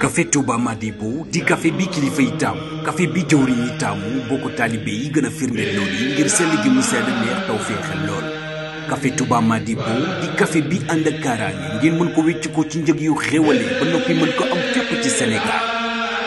café Touba di café bi kilifa yi taamu café bi jëwriñ yi taamu boo ko taalibe yi gën a firndeel loolu yi ngir sell mu sedd neex taw féexal lool café Touba di café bi ànd ak ngeen mën ko wécc ko ci njëg yu xéwale ba noppi mën ko am fépp ci Sénégal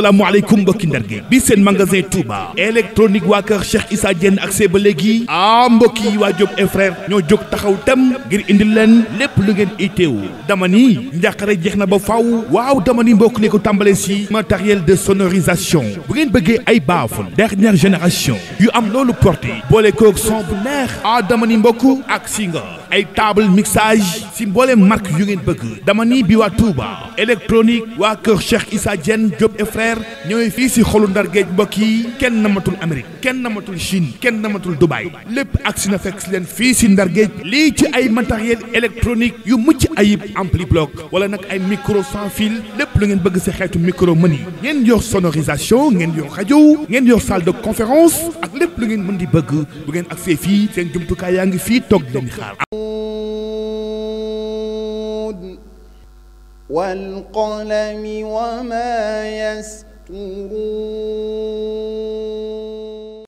asalaamaaleykum mbokki ndar gi bi seen magasin Touba électronique waa kër Cheikh Issa ak see ba léegi ah mbokk waa Diop et ñoo jóg taxaw ngir indi leen lépp lu ngeen itteewu dama ni njàqare jeex na ba faw waaw dama ni mbokk li ko tàmbale si matériel de sonorisation bu ngeen bëggee ay baaful dernière génération yu am loolu porté boole koog son bu neex ah dama ni mbokk ak si nga ay table mixage si mboole marque yu ngeen bëgg dama ni bi waa Touba Angleterre ñooy fii si xolu ndar géej mbokk yi kenn namatul Amérique kenn namatul Chine kenn namatul Dubaï lépp agsi na fekk si leen fii si ndar lii ci ay matériel électronique yu mucc ay ampli bloc wala nag ay micro sans fil lépp lu ngeen bëgg si xeetu micro mën yi ngeen yor sonorisation ngeen yor rajo ngeen yor salle de conférence ak lépp lu ngeen mën di bëgg bu ngeen agsee fii seen jumtukaay yaa ngi fii toog leen xaar والقلم وما يسترون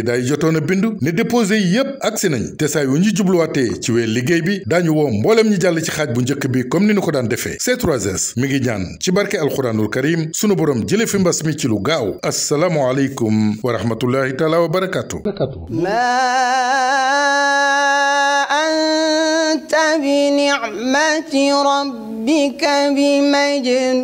candidat yi jotoon a bindu ne déposé yépp agsi nañ te saa yu ñu jubluwaatee ci weer liggéey bi daañu woo mbooleem ñi jàll ci xaaj bu njëkk bi comme ni ñu ko daan defee c ngi ñaan ci barke alxuraanul karim sunu borom jële fi mbas mi ci lu gaaw asalaamualeykum wa rahmatullahi taala wa barakaatu. anta bi ni'mati rabbika bi majnun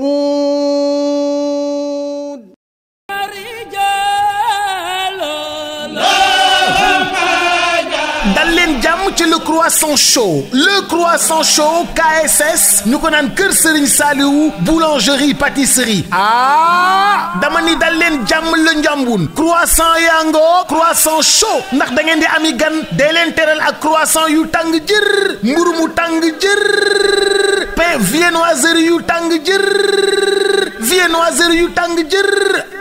dal jàmm ci le croissant chaud le croissant chaud KSS ñu ko naan kër Serigne Saliou boulangerie pâtisserie ah dama ni dal leen jàmm la njàmbun croissant yaa ngoo croissant chaud ndax da ngeen di ami gan dee leen teral ak croissant yu tàng jër mburu mu tàng jër pain yu tàng jër viennoiserie yu tàng jër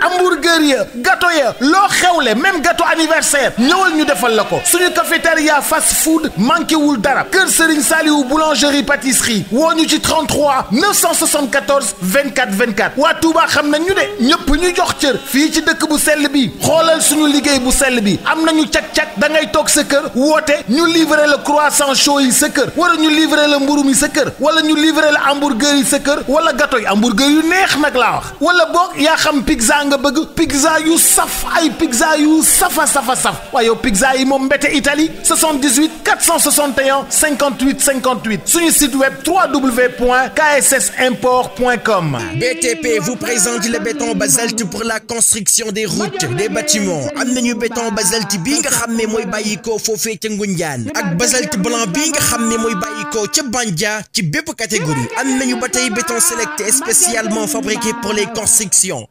hamburger ya gâteau ya loo xewle même gâteau anniversaire ñëwal ñu defal la ko suñu cafétéria fast food manqué wul dara Kër Serigne Saliou boulangerie pâtisserie woo ñu ci 33 974 24 24 waa Touba xam nañ ñu de ñëpp ñu jox cër fii ci dëkk bu sell bi xoolal suñu liggéey bu sell bi am nañu cag-cag da ngay toog sa kër woote ñu livrer le croissant chaud yi sa kër wala ñu livrer la mburu mi sa kër wala ñu livrer le hamburger yi sa kër wala gâteau yi hamburger yu neex nag laa wax wala nga bëgg pizza yu saf ay pizza yu safa a saf waaye yow pizza yi moom mbete Italie 78 461 58 58 suñu site web www.kssimport.com. BTP vous présente le béton basalte pour la construction des routes des bâtiments am nañu béton basalte bii nga xam ne mooy bàyyi ko foofee ca Ngunjaan ak basalte blanc bii xam ne mooy bàyyi ko ca Bandia ci bépp catégorie am nañu ba tey béton sélecté spécialement fabriqué pour les constructions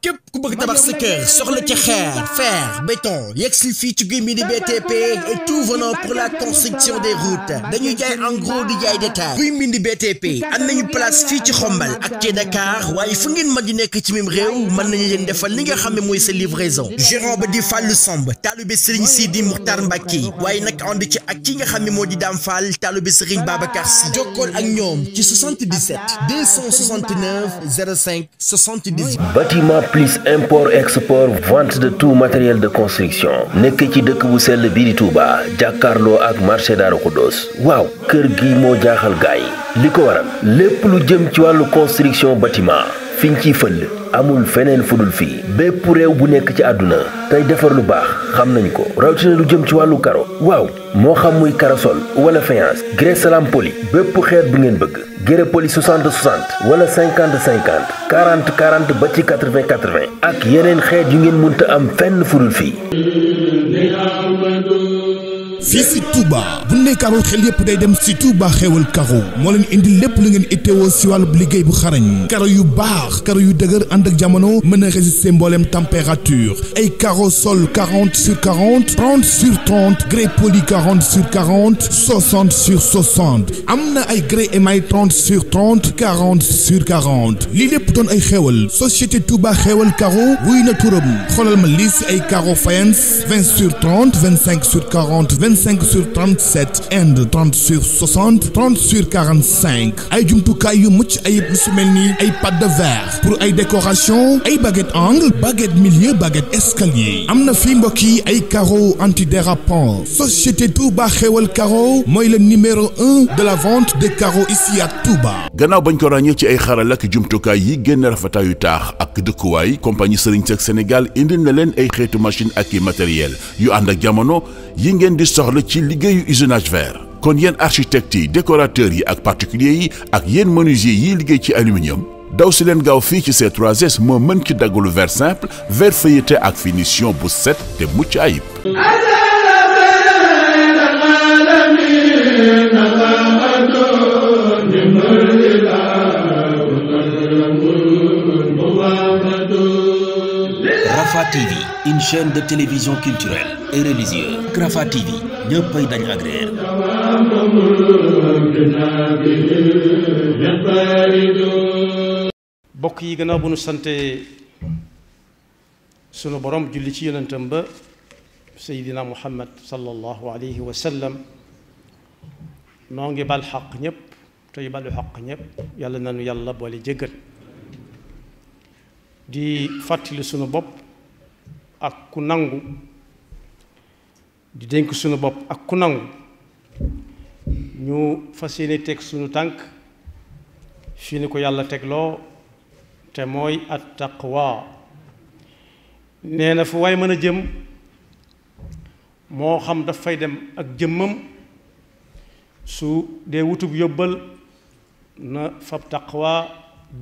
tabax sa kër soxla ca xeer fer béton yegg si fii ci guy mbi di BTP et tout venant pour la construction des routes dañuy jaay en gros di jaay détail guy mbi di BTP am nañu place fii ci xombal ak ci Dakar waaye fu ngeen mën di nekk ci mim réew mën nañu leen defal li nga xam ne mooy sa livraison gérant ba di Fallou Samb taalibe Serigne Sidi Moukhtar Mbacké waaye nag ànd ci ak ki nga xam ne moo di Dame Fall taalibe Serigne Babacar Sy jokkool a ñoom ci 77 269 05 78 bâtiment plus impôt import export vente de tout matériel de construction nekk ci dëkk bu sell bi di Touba jàkkaarloo ak marché ko Xudoos waaw kër gi moo jaaxal gaay yi li ko waral lépp lu jëm ci wàllu construction bâtiment fiñ ciy fëll amul feneen fudul fii bépp réew bu nekk ci àdduna tey defar lu baax xam nañu ko rawatina lu jëm ci wàllu karo waaw moo xam muy karasol wala faïence grès salam bépp xeet bu ngeen bëgg grès poli 60 60 wala 50 50 40 40 ba ci 80 80 ak yeneen xeet yu ngeen mënta am fenn fudul fii fii si Touba bu ne karo xel yépp day dem si Touba xewal karo moo leen indi lépp lu ngeen itteewoo si wàllub liggéey bu xarañ karo yu baax karo yu dëgër ànd ak jamono mën a résister mbooleem température ay karo sol 40 sur 40 30 sur 30 grès poli 40 sur 40 60 sur 60 am na ay grès émail 30 sur 30 40 sur 40 lii lépp doon ay xewal société Touba xewal karo wuy na turam xoolal ma lii si ay karo fayence 20 sur 30 25 sur 25 sur 37 Inde 30 sur 60 30 sur 45 ay jumtukaay yu mucc ayib lu su mel ni ay pâte de verre pour ay décoration ay baguette angle baguette milieu baguette escalier am na fi mbokk yi ay carreau antidérapant société Touba xewal carreau mooy le numéro un de la vente de carreaux ici à Touba. gannaaw bañ ko ràññee ci ay xaral ak jumtukaay yi génn rafetaayu taax ak dëkkuwaay compagnie Serigne Seck Sénégal indil na leen ay xeetu machine ak i matériel yu ànd ak jamono. yi ngeen di soxla ci liggéeyu usinage verre kon yéen architectes yi décorateur yi ak particuliers yi ak yéen menuisier yi liggéey ci aluminium daw si leen gaaw fii ci ces 3S moo mën ci daggalu verre simple verre feuilleté ak finition bu set te mucc ayib. une chaîne de télévision culturelle bokk yi gannaaw bu nu sante sunu borom julli ci yonentam ba seydina muhammad sallallahu alayhi wa sallam noo ngi bal xaq ñëpp tey balu xaq ñëpp yàlla nanu yàlla boole jéggal di fàttali sunu bopp ak ku nangu di dénk sunu bopp ak ku nangu ñu fas yéene teg sunu tànk fii ni ko yàlla tegloo te mooy at taqwa nee na fu waay mën a jëm moo xam daf dem ak jëmmam su dee wutub yóbbal na fab taqwa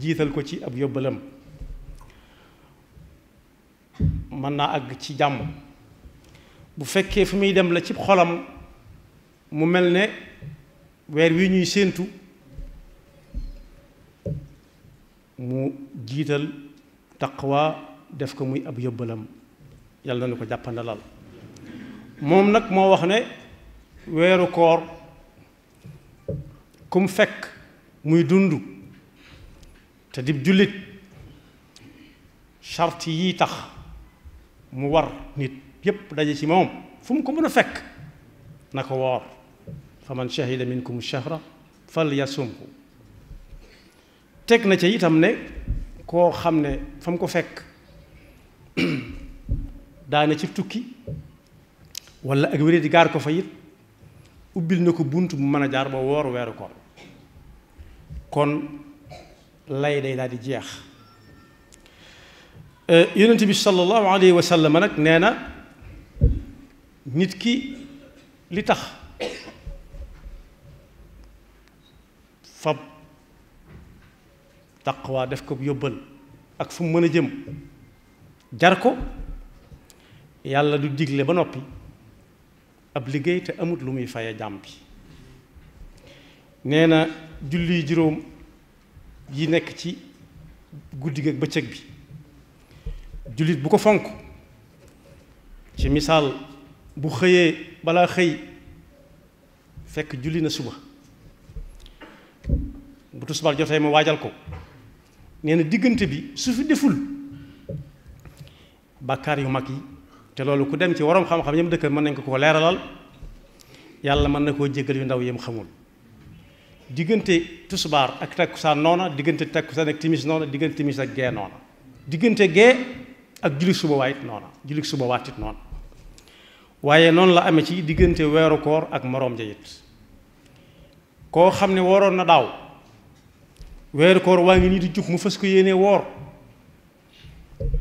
jiital ko ci ab yóbbalam mën naa àgg ci jàmm bu fekkee fi muy dem la cib xolam mu mel ne weer wi ñuy séentu mu jiital taqwa def ko muy ab yóbbalam yàlla na ko jàppandalal moom nag moo wax ne weeru koor kum fekk muy dund te dib jullit charte yi tax mu war nit yépp daje ci moom fu mu ko mën a fekk na ko woor fa man shahida minkum shahra fal yasumhu teg na ci itam ne koo xam ne fa mu ko fekk daane ci tukki walla ak wéré di gaar ko fa it ubbil na ko bunt bu mën a jaar ba woor weeru koor kon lay day daal di jeex yonent bi sallallahu alayhi wa sallam nag nee na nit ki li tax fab taqwa def ko yóbbal ak fu mën a jëm jar ko yàlla du digle ba noppi ab liggéey te amut lu muy faye jàmm bi nee na julli juróom yi nekk ci guddi gi ak bëccëg bi jullit bu ko fonk ci misaal bu xëyee balaa xëy fekk julli na suba bu tusbaar jotee ma waajal ko nee na diggante bi su fi deful bàkkaar yu mag yi te loolu ku dem ci waroom xam-xam yam dëkk mën nañ ko ko leeralal yàlla mën na koo jéggal yu ndaw yam xamul diggante tusbaar ak takkusaan noona diggante takkusaan ak timis noona diggante timis ak gee noona diggante gee ak julli suba waay it noona julli suba waat waaye noonu la amee ci diggante weeru koor ak moroom ja koo xam ne waroon na daaw weeru koor waa ngi nii di jub mu fas ko yéenee woor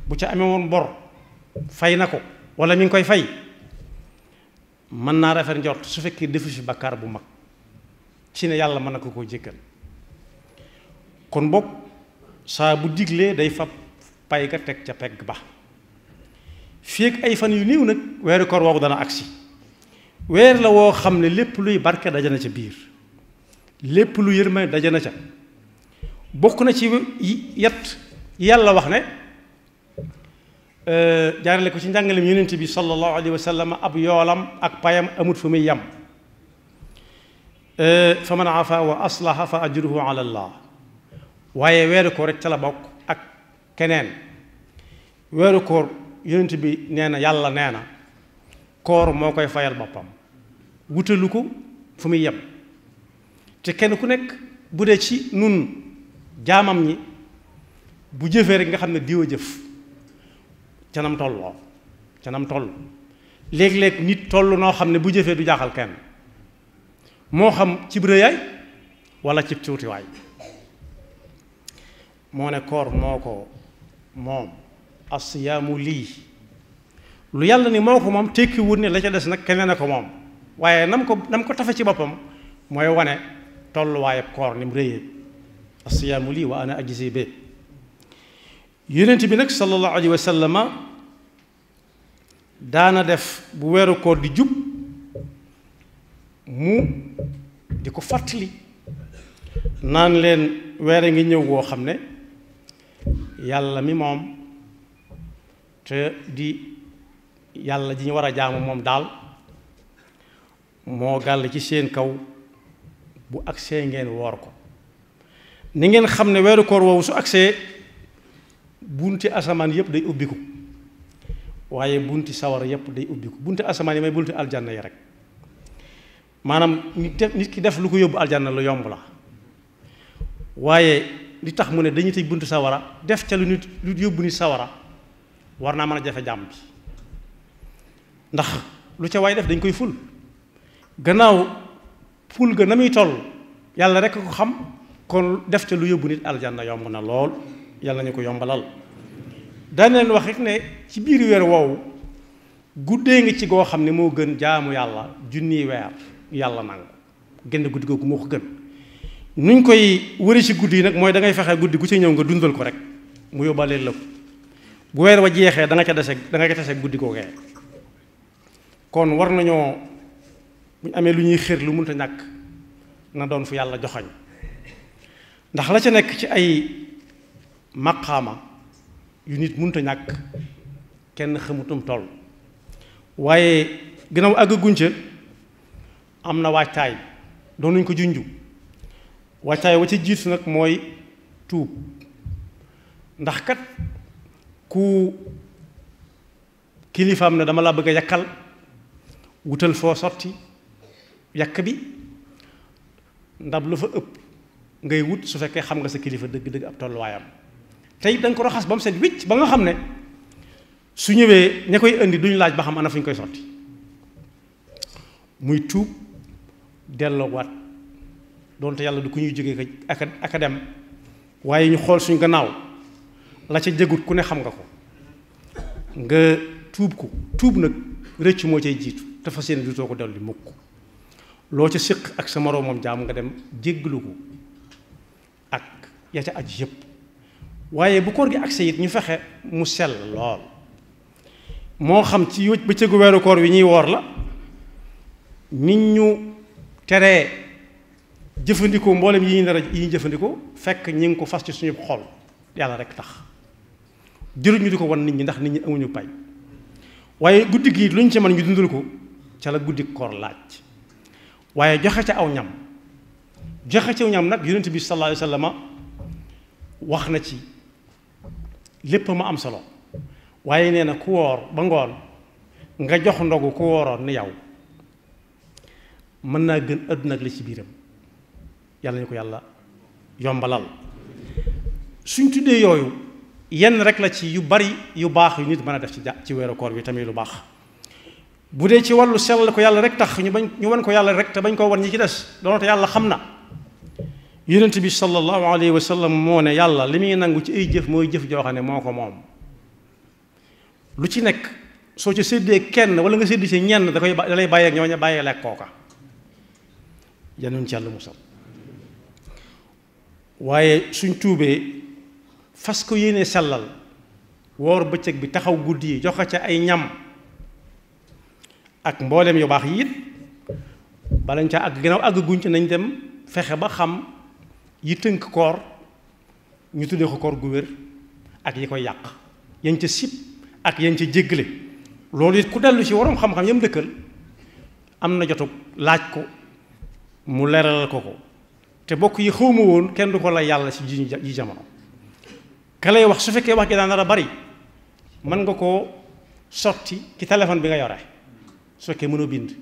bu ca amee woon bor fay na ko wala mi ngi koy fay mën naa rafet njot su fekkee defu fi bakkaar bu mag ci ne yàlla mën na ko koo jéggal kon boog saa bu diglee day fab pay ga teg ca pegg ba fii ak ay fan yu néew nag weeru koor woowu dana agsi weer la woo xam ne lépp luy barke dajana ca biir lépp lu may yërma dajana ca bokk na ci yat yàlla wax ne euh, jaarale ko ci njàngalem yonent bi sallallahu alayhi wa sallam ab yoolam ak payam amut fu muy yam euh, fa man afa wa aslaha fa ajruhu waaye weeru koor rek ca la bokk keneen weeru koor yonent bi nee na yàlla nee na koor moo koy fayal boppam wutalu ko fu muy yeb te kenn ku nekk bu dee ci nun jaamam ñi bu jëfee rek nga xam ne diw a jëf canam tolloo canam toll léeg-léeg nit toll noo xam ne bu jëfee du jaaxal kenn moo xam cib rëyaay wala ci tuutiwaay moo ne koor moo ko moom asiyaamu lii lu yàlla ni moo ko moom tekki wut ne la ca des nag keneen a ko moom waaye nam ko nam ko tafe ci boppam mooy wane tolluwaayab koor ni mu réyee asiyaamu lii wa ana ajisi be yonent bi nag sallallahu alayhi wa sallama daana def bu weeru koor di jub mu di ko fàttali naan leen weer a ngi ñëw woo xam ne yàlla mi moom te di yàlla ji ñu war a jaamu moom daal moo gàll ci seen kaw bu agsee ngeen woor ko ni ngeen xam ne weeru koor woowu su agsee bunti asamaan yëpp day ubbiku waaye bunti sawar yëpp day ubbiku bunti asamaan yi may bunti aljanna yi rek maanaam nit nit ki def lu ko yóbbu aljanna lu yomb la waaye li tax mu ne dañu tëj bunt sawara def ca lu nit lu yóbbu nit sawara war naa mën a jafe jàmm bi ndax lu ca waay def dañ koy ful gannaaw ful ga na muy toll yàlla rek ko xam kon def ca lu yóbbu nit aljanna yomb na lool yàlla ñu ko yombalal daan leen wax ne ci biir weer woowu guddee nga ci goo xam ne moo gën jaamu yàlla junniy weer yàlla nangu genn guddi kooku moo ko gën nuñ koy wëri ci guddi yi nag mooy da ngay fexe guddi gu ci ñëw nga dundal ko rek mu yóbbaaleel la ko bu weer wa jeexee danga ca dese da nga ca dese guddi koo gee kon war nañoo bu ñu amee lu ñuy xër lu mënta ñàkk na doon fu yàlla joxañ ndax la ca nekk ci ay maqaama yu nit mënta ñàkk kenn xamutum toll waaye ginnaaw àggaguñ ca am na waajtaay doonuñ ko junju wàccaay wa ci jiitu nag mooy tuub ndax kat ku kilifaam ne dama laa bëgg a yàkkal wutal foo sotti yàkk bi ndab lu fa ëpp ngay wut su fekkee xam nga sa kilifa dëgg-dëgg ab tolluwaayam tey da ko raxas ba mu set wicc ba nga xam ne su ñëwee ña koy indi duñu laaj ba xam ana fu ñu koy sotti muy tuub delloowaat donte yàlla du ko ñuy jóge ak ak dem waaye ñu xool suñ gannaaw la ca jëgut ku ne xam nga ko nga tuub ko tuub nag rëcc moo cay jiitu dafa fas yéene ko dal di mukk loo ca séq ak sa moroomam jaam nga dem jéggalu ko ak ya ca aj yépp waaye bu koor gi agse it ñu fexe mu sell lool moo xam ci bëccëgu weeru koor wi ñuy woor la nit ñu teree jëfandikoo mboolem yi ñu dara yi ñu jëfandikoo fekk ñi ngi ko fas ci suñu xol yàlla rek tax jëruñu di ko wan nit ñi ndax nit ñi amuñu pay waaye guddi gi luñ ci mën ñu dundal ko ca la guddi koor laaj waaye joxe ca aw ñam joxe ca aw ñam nag yonent bi sallallahu alayhi wa wax na ci lépp ma am solo waaye nee na ku woor ba ngoon nga jox ndogu ku wooroon ni yow mën naa gën àdduna ak li ci biiram yàlla ñu ko yàlla yombalal suñ tuddee yooyu yenn rek la ci yu bari yu baax yu nit mën a def ci ci weeru koor bi tamit lu baax bu dee ci wàllu sellal ko yàlla rek tax ñu bañ ñu wan ko yàlla rek te bañ koo wan ñi ci des doonate yàlla xam na yonent bi sallallahu alayhi wa sallam moo yàlla li muy nangu ci ay jëf mooy jëf joo xam ne moo ko moom lu ci nekk soo ci séddee kenn wala nga séddi ci ñenn da koy da lay bàyyeeg ñooñu bàyyeeleeg kooka yanuñ ci yàlla musal waaye suñ tuubee fas ko yéene sellal woor bëccëg bi taxaw guddi yi joxe ca ay ñam ak mboolem yu baax yit it balañ ca ak gannaaw àgg guñ nañ dem fexe ba xam yi tënk koor ñu tuddee ko koor gu wér ak yi koy yàq yañ ca sib ak yañ ca jéggale loolu it ku dellu ci waroom xam-xam yam dëkkal am na jotug laaj ko mu leral ko ko te mbokk yi xawma woon kenn du ko la yàlla si ji jamono ka lay wax su fekkee wax gi daan dara bari mën nga koo sotti ci téléphone bi nga yore su fekkee mënoo bind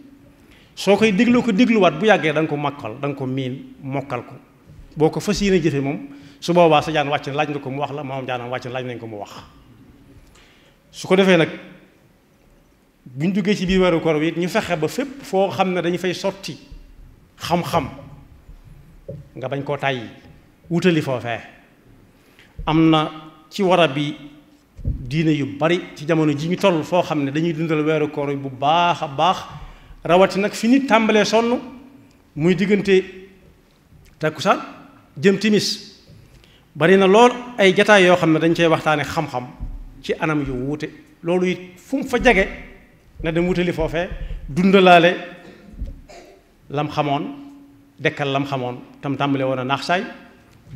soo koy déglu ko dégluwaat bu yàggee danga ko makkal danga ko miin mokkal ko boo ko fas yéene jëfe moom su boobaa sa jaan wàcc na laaj nga ko mu wax la maam jaanam wàcc laaj nañ ko mu wax su ko defee nag buñ duggee ci biir weeru koor wi ñu fexe ba fépp foo xam ne dañu fay sotti xam-xam nga bañ koo tàyyi wutali foofe am na ci wara bi diine yu bari ci jamono ji ñu toll foo xam ne dañuy dundal weeru koor bu baax a baax rawati nag fi nit tàmbalee sonn muy diggante takkusaan jëm timis bari na lool ay jataay yoo xam ne dañ cey waxtaane xam-xam ci anam yu wuute loolu it fu fa jege na dem wutali foofee dundalaale lam xamoon dekkal lam xamoon tam tàmbalee woon a naax saay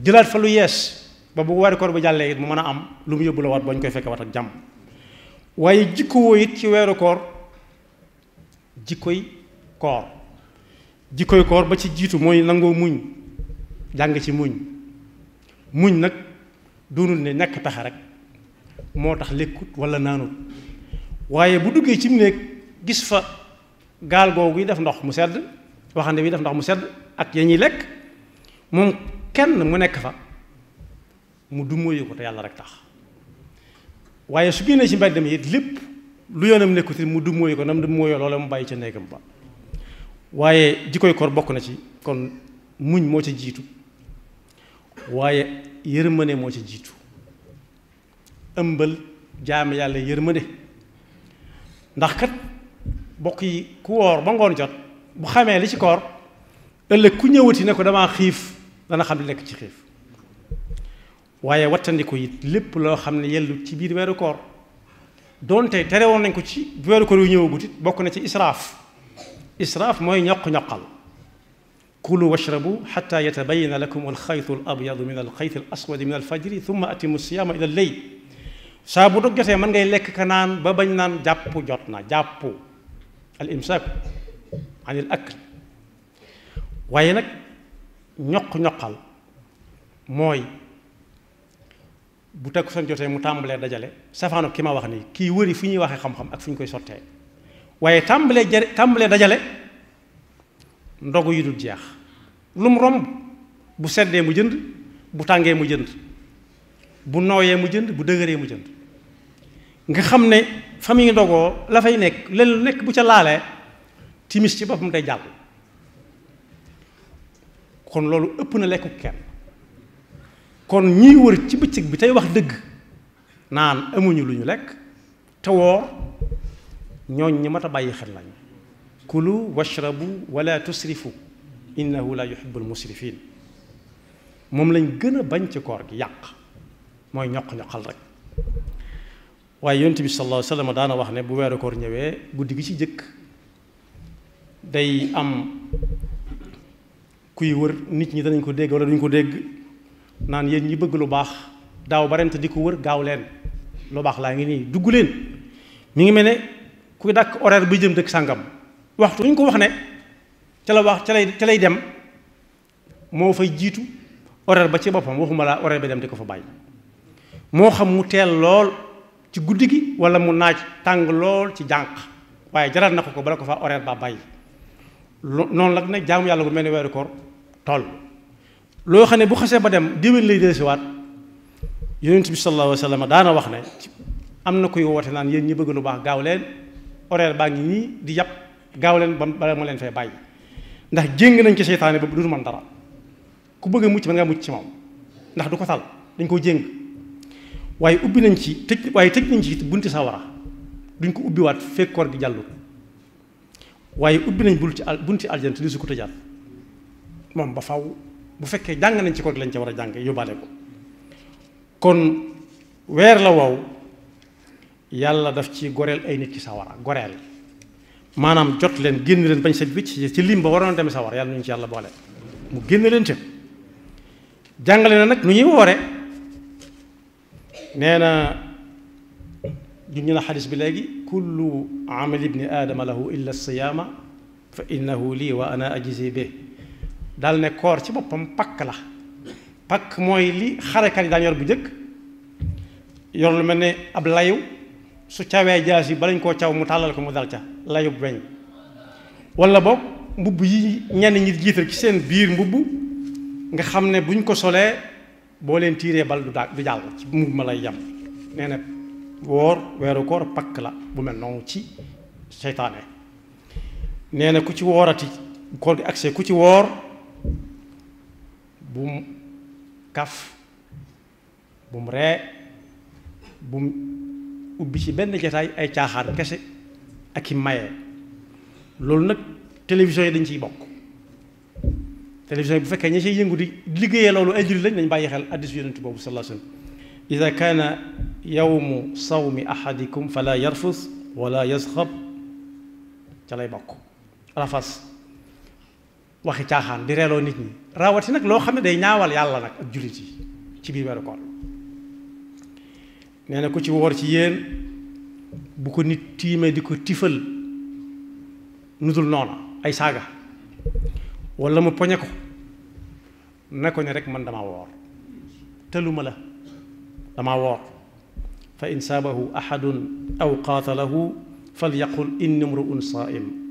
jëlaat fa lu yees ba bu wari koor bu jàllee it mu mën a am lu mu yóbbu la wat ba ñu koy fekke wat ak jàmm waaye jikkowoo it ci weeru koor jikkoy koor jikkoy koor ba ci jiitu mooy nangoo muñ jàng ci muñ muñ nag doonul ne ñàkk pexe rek moo tax lekkut walla naanut waaye bu duggee ci mu néeg gis fa gaal googu yi def ndox mu sedd waxande bi def ndox mu sedd ak ya ñuy lekk moom kenn mu nekk fa mu du moyu ko te yàlla rek tax waaye su génnee ci mbedd mi it lépp lu yoonam nekkut mu du moyu ko nam du moyoo loola mu bàyyi ca néegam ba waaye jikkoy koor bokk na ci kon muñ moo ci jiitu waaye yërmande moo ci jiitu ëmbal jaam yàlla yërmande ndax kat bokk yi ku woor ba ngoon jot bu xamee li ci koor ëllëg ku ñëwati na ko damaa xiif dana xam li nekk ci xiif waaye wattandiku it lépp loo xam ne yellu ci biir weeru koor donte tere woon nañ ko ci weeru koor yu ñëwagut it bokk na ci israaf israaf mooy ñoq-ñoqal kulu washrabu xata yatabayana lakum alxaytu alabyadu min alxayti alaswadi min alfajri thumma atimu siyaama ila lleyl saa bu dog ngay lekk ka naan ba bañ naan jàpp jot na jàpp al an al waaye nag ñoq-ñoqal mooy bu takkusaan jotee mu tàmbalee dajale safaano ki ma wax nii kii wëri fu ñuy waxee xam-xam ak fu ñu koy sottee waaye tàmbalee jare tàmbalee dajale ndogu yu dul jeex lu mu romb bu seddee mu jënd bu tàngee mu jënd bu nooyee mu jënd bu dëgëree mu jënd nga xam ne fa muy ndogoo la fay nekk leneen lu nekk bu ca laalee timis ci boppam day jàll kon loolu ëpp na lekku kenn kon ñiy wër ci bëccëg bi tey wax dëgg naan amuñu lu ñu lekk te woor ñooñ ñi mat a bàyyi xel lañu kulu washrabu wala tusrifu innahu la yuhibbul musrifin moom lañ gën a bañ ci koor gi yàq mooy ñoq-ñoqal rek waaye yonent bi sallallahu alayhi wa daana wax ne bu weeru koor ñëwee guddi gi ci jëkk day am kuy nit ñi danañ ko dégg wala ko dégg yéen ñi bëgg lu baax daaw ba di ko wër gaaw leen lu baax laa ngi nii dugg leen mi ngi mel ne kuy dàkk horaire bi jëm dëkk sàngam waxtu ñu ko wax ne ca la wax ca lay ca lay dem moo fay jiitu horaire ba ci boppam waxuma la horaire bi dem di ko fa bàyyi moo xam mu teel lool ci guddi gi wala mu naaj tàng lool ci jànq waaye jaral na ko ko bala ko fa horaire ba bàyyi noonu la nag jaamu yàlla bu mel ni weeru koor tool loo xam ne bu xasee ba dem déwén lay dellusiwaat yonent bi sallallahu alayhi wa sallam daana wax ne am na koy woote naan yéen ñi bëgg lu baax gaaw leen horaire baa ngi di yàpp gaaw leen ba bala ma leen fay ndax jéng nañ ci seytaane ba du man dara ku bëgg a mucc mën ngaa mucc ci moom ndax du ko tal dañ koo jéng waaye ubbi nañ ci tëj waaye ci bunti sawara duñ ko ubbiwaat fekk koor gi jàllu waaye ubbi nañ bul ci bunti aljant li su ko tëjaat moom ba faw bu fekkee jàng nañ ci koor lañ ca war a jàng yóbbaale ko kon weer la wow yàlla daf ci goreel ay nit ci sawara goreel maanaam jot leen génn leen bañ set wicc ci lim ba waroon demee sawara yàlla ci yàlla boole mu génn leen jàngale na nag nu ñuy woore nee na junñu na xadis bi léegi kullu amali ibni aadama lahu illa siyaama fa innahu lii wa ana ajisi bi dal ne koor ci boppam pakk la pakk mooy li xarekat yi daan yor bu njëkk yor lu mel ni ab layu su cawee jaas yi balañ koo caw mu tàllal ko mu dal ca layu weñ walla boog mbubb yi ñenn ñi jiital ci seen biir mbubb nga xam ne buñ ko solee boo leen tiiree bal du daa du jàll ci mbubb ma lay yem nee woor weeru koor pakk la bu mel noonu ci seytaane nee na ku ci woorati koor gi agsee ku ci woor bum kaf bum ree bum ubbi ci benn jataay ay caaxaan kese ak i maye loolu nag télévision yi dañ ciy bokk télévision yi bu fekkee ña ciy yëngu di liggéeyee loolu ay jullit lañ dañ bàyyi xel addis yonent boobu sallallahu alayhi wa sallam ida kaana yawmu sawmi ahadikum fala yarfus wala yasxab ca lay bokk rafas waxi caaxaan di reeloo nit ñi raawati nag loo xam ne day ñaawal yàlla nag ak jullit yi ci biir weeru koor nee na ku ci woor ci yéen bu ko nit tiimee di ko tifal nudul noona ay saaga walla mu poñe ko ne ko ne rek man dama woor tëluma la dama woor fa in saabahu ahadun aw qaatalahu fal yaqul inni mruun saa'im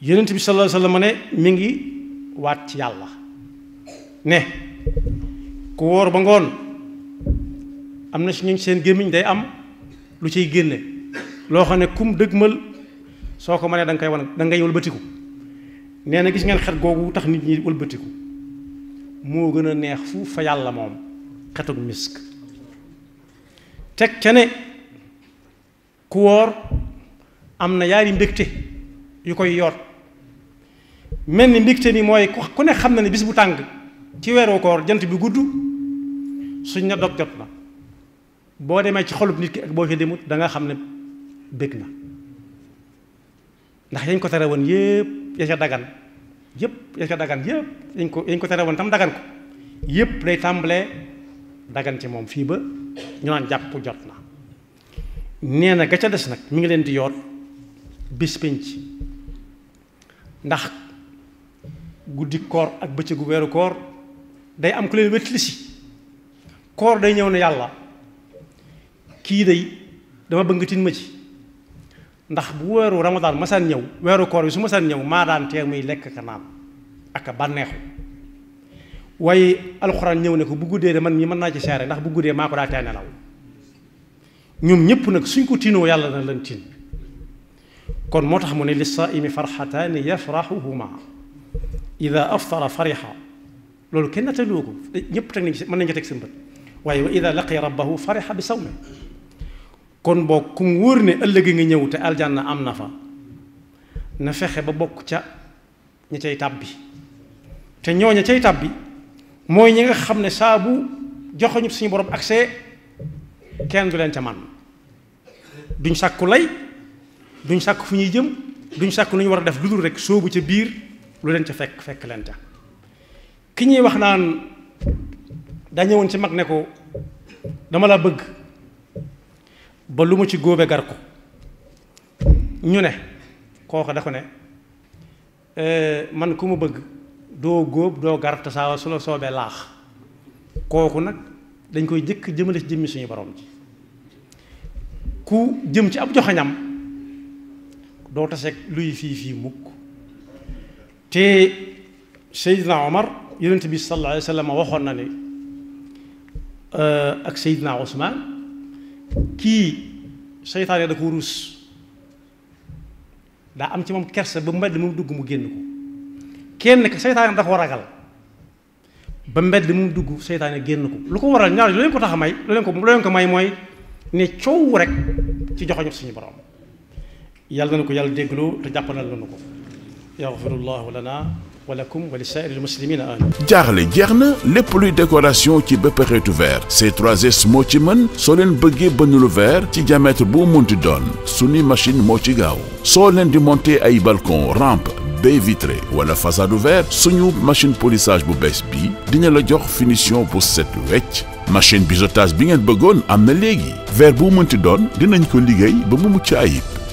yonent bi sallallahu alayhi wasallam ne mi ngi waat ci yàlla ne kuwoor ba ngoon am na si ñu seen gémmiñ day am lu ciy génne loo xam ne kum dëgmal soo ko mënee da danga koy wan da ngay wëlbatiku nee na gis ngeen xet googu tax nit ñi wëlbatiku moo gën a neex fu fa yàlla moom xetuk misk teg ca ne ku am na yaari mbégte yu koy yoot mel ni mbégte yi mooy ku ne xam na ne bis bu tàng ci weeru koor jant bi gudd suñ na dog jot na boo demee ci xolub nit ki ak boo fi demut da nga xam ne bég na ndax yañ ko tere woon yépp ya ca dagan yépp dagan yépp yañ ko yañ ko tere woon tam dagan ko yépp lay tàmbalee dagan ci moom fii ba ñu naan jàpp jot na nee na ga ca des nag mu ngi leen di yoor bis pénc ndax guddi koor ak bëccëgu weeru koor day am ku leen wétli si koor day ñëw ne yàlla kii day dama bëgg tin ma ci ndax bu weeru ramadaan masaan ñëw weeru koor yi su masaan ñëw maa daan tee muy lekk ka naan ak a bànneexu waaye alxuraan ñëw ne ko bu guddee de man ñi mën naa ci seere ndax bu guddee maa ko daa tee nelaw ñoom ñëpp nag suñ ko tinoo yàlla na leen tin kon moo tax mu ne li saaimi farxataani yafraxuhuma ida aftara farixa loolu kenn nattaluwu ko ñëpp teg nañ mën nañu teg seen bët waaye wa ida laqiya rabbahu farixa bi sawme kon boog ku mu wóor ne ëllëg nga ñëw te aljanna am na fa na fexe ba bokk ca ña cay tàbbi te ñooña cay tàbbi mooy ñi nga xam ne saabu bu joxoñu suñu borom accès kenn du leen ca man duñ sàkku lay duñ sàkku fu ñuy jëm duñ sàkku lu war a def lu dul rek soobu ca biir lu leen ca fekk fekk leen ca ki ñuy wax naan daa ñëwoon ci mag ne ko dama la bëgg ba lu mu ci góobe gar ko ñu ne kooka da ko ne eh, man ku ma bëgg doo góob doo gar te saa su la soobee laax kooku nag dañ koy jëkk jëmale ci jëmmi suñu boroom ji ku jëm ci ab joxañam doo taseeg luy fii fii mukk te Seydina Omar yonent bi sallallahu alayhi waxoon na ne euh, ak Seydina Ousmaan kii seytaane da ko ruus daa am ci moom kersa ba mbedd mu dugg mu génn ko kenn ka seytaane da ko ragal ba mbedd mu dugg seytaane génn ko lu ko waral ñaar lu leen ko tax a may lu leen ko ko may mooy ne coow rek ci joxoñu suñu borom yàlla na ko yàlla déggloo te jàppandal na ko. yaxfirullahu lana wa lakum wa li saa'iril muslimiina amiin jaaxle jeex na lépp luy décoration ci bépp xeetu verre ces trois moo ci mën soo leen bëggee bañu lu verre ci diamètre bu munti doon suñu machine moo ci gaaw soo leen di monter ay balcon rampe baie vitrée wala façade suñu machine polissage bu bees bi dina la jox finition bu set wecc machine biseautage bi ngeen bëggoon am na léegi ver bu munti doon dinañ ko liggéey ba mu mucc ayib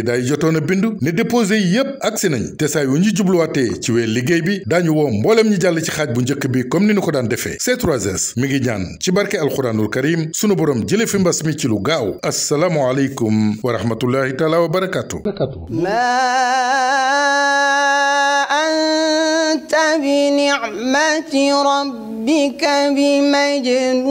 candidat yi jotoon a bindu ne déposé yi yépp agsi nañ te saa yu ñu jubluwaatee ci wee liggéey bi daañu woo mbooleem ñi jàll ci xaaj bu njëkk bi comme ni ñu ko daan defee c ngi ñaan ci barke alxuraanul karim sunu borom jële fi mbas mi ci lu gaaw asalaamualeykum wa rahmatullahi taala wa barakaatu anta bi ni'mati rabbika bi majnun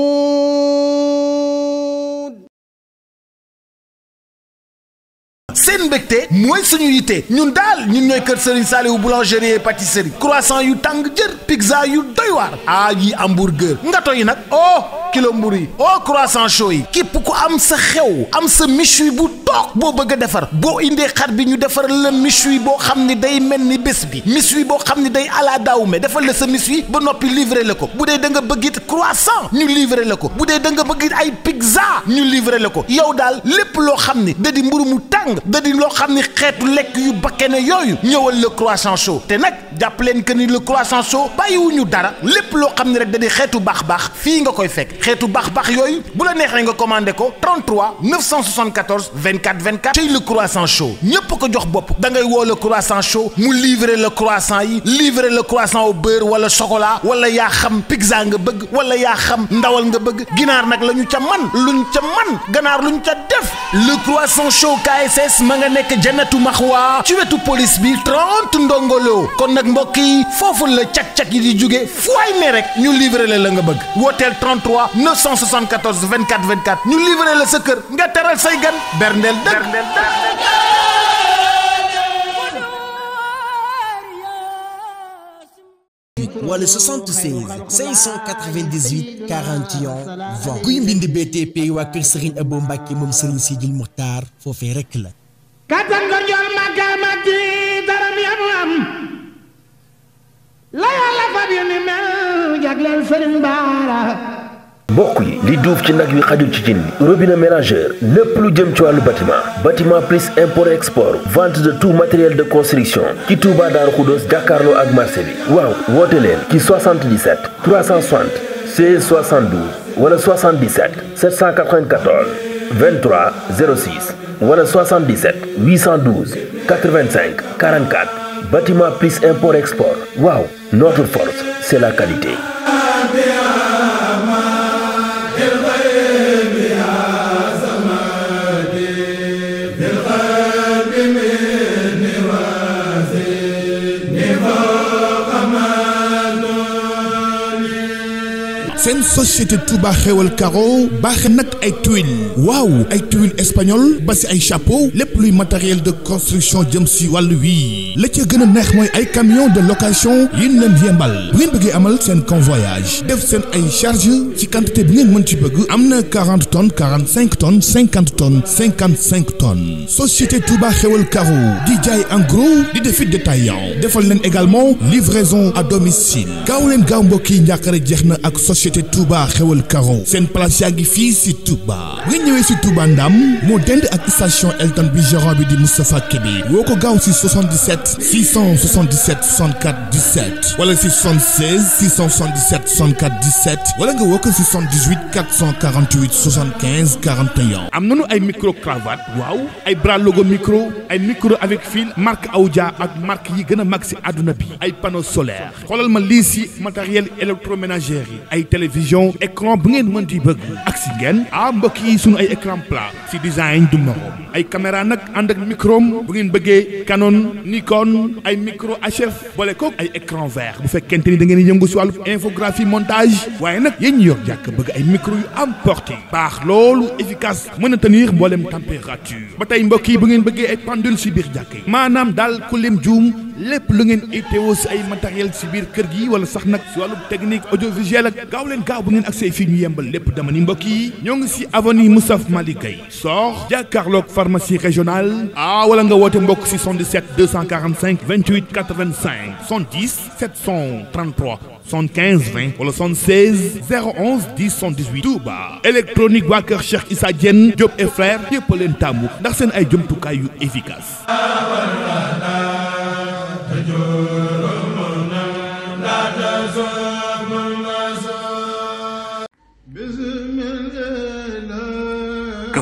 seen mbégte mooy suñu yitte ñun daal ñun ñooy kër Serigne Saliou boulangerie et pâtisserie croissant yu tàng jër pizza yu doy waar ah yi hamburger ngato yi nag oo oh, kilo mburu yi oh croissant chaud yi képp ku am sa xew am sa méchoui bu toog boo bëgg a defar boo indee xar bi ñu defar la méchoui boo xam ne day mel ni bés bi méchoui boo xam ne day ala daawume defal la sa méchoui ba noppi livré la ko bu dee da nga bëgg it croissant ñu livré la ko bu dee da nga bëgg it ay pizza ñu livré ko yow daal lépp loo xam ni da mburu mu tàng nga di xam ni xeetu lekk yu bakkene yooyu ñëwal le croissant chaud te nag jàpp leen que ni le croissant chaud bàyyiwuñu dara lépp loo xam ne rek da xeetu baax baax fii nga koy fekk xeetu baax baax yooyu bu la neexee nga commandé ko 33 974 24 24 tey le croissant chaud ñépp ko jox bopp da ngay woo le croissant chaud mu livrer le croissant yi livrer le croissant au beurre wala chocolat wala yaa xam pizza nga bëgg wala yaa xam ndawal nga bëgg ginaar nag la ñu ca man luñ ca man ganaar luñ ca def le croissant chaud ma nga nekk janatu maxwaa ci wetu police bi 30 ndongolo kon nag mbokk yi foofu la cag-cag yi di jóge fooy ne rek ñu livré la la nga bëgg wooteel 33 974 24 24 ñu livré la sa kër nga teral say gan berndeel dëkk wala 76 598 41 20 guy mbind BTP waa kër Serigne Abo Mbacke moom Serigne Sidil Muxtaar foofee rekk la kattan ko njool màkkaama ci daram yamu am la fab yu ni mel jagleel sëriñ baara mbokk yi li duuf ci nag yu xajul ci cin bi robinet mélangeur lépp lu jëm ci wàllu bâtiment bâtiment plus import export vente de tout matériel de construction ci Touba Daaru Xudoos jàkkaarloo ak marché bi waaw woote leen ci 77 360 16 72 wala 77 794 23 06 wala 77 812 85 44 bâtiment plus import export waaw notre force c'est la qualité seen société Touba xéwal caro baaxe nag ay tuiles waaw ay tuiles espagnol ba si ay chapeau lépp luy matériel de construction jëm si wàllu wii la ca gën a neex mooy ay camion de location yi ñu leen yembal bu ngeen bëggee amal seen convoyage def seen ay charge ci quantité bi ngeen mën ci bëgg am na 40 tonnes 45 tonnes 50 tonnes 55 tonnes société Touba xéwal caro di jaay en gros di defi détaillant defal leen également livraison à domicile gaaw leen gaaw mbokk yi njàqare jeex na ak société te Touba xewal karo seen place yaa ngi fii si Touba bu ngeen ñëwee si Touba Ndam moo dend ak station Elton bi gérant bi di Moustapha Kébé woo ko gaaw si 77 nga woo ko si am nañu ay micro cravate waaw ay bras logo ay micro avec fil marque Audia ak marque yi gën a mag si àdduna bi ay panneau solaire xoolal ma lii si matériel électroménager yi télévision écran bu ngeen mën di bëgg ak si ngeen ah mbokk sunu ay écran plat si design du moroom ay caméra nag ànd ak micro bu ngeen bëggee Canon Nikon ay micro HF boole ay écran vert bu fekkente ni da ngeen yëngu si wàllu infographie montage waaye nag yéen ñi yor jàkk bëgg ay micro yu am portée baax loolu efficace mën a tenir mboolem température ba tey mbokk bu ngeen bëggee ay pendule si biir jàkk yi maanaam daal ku lim juum lépp lu ngeen leen gaaw bu ngeen ak say fii ñu yembal lépp dama ni mbokk yi ñoo ngi si avenue Moussaf Malick Gueye soox jàkkaarloog pharmacie régionale ah wala nga woote mbokk si 77 245 28 85 110 733 75 20 wala 76 011 10 118 Touba électronique waa kër Cheikh Issa Diène Diop et frère yëpp leen taamu ndax seen ay jumtukaay yu efficace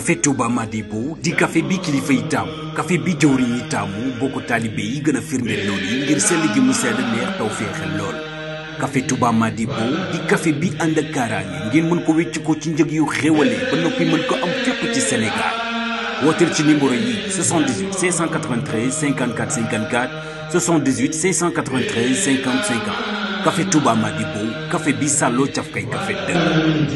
café Touba Madibo di café bi kilifa yi taamu café bi jëwriñ yi taamu boo ko yi gën a firndeel lool yi ngir sell gi mu sedd neex taw féexel lool café Touba Madibo di café bi ànd ak kaaraange ngeen mën ko wécc ko ci njëg yu xéwale ba noppi mën ko am fépp ci Sénégal wooteel ci numéro yi 78 593 54 54 78 593 50 50 Café Touba Madibo café bi sàlloo cafkay café dëgg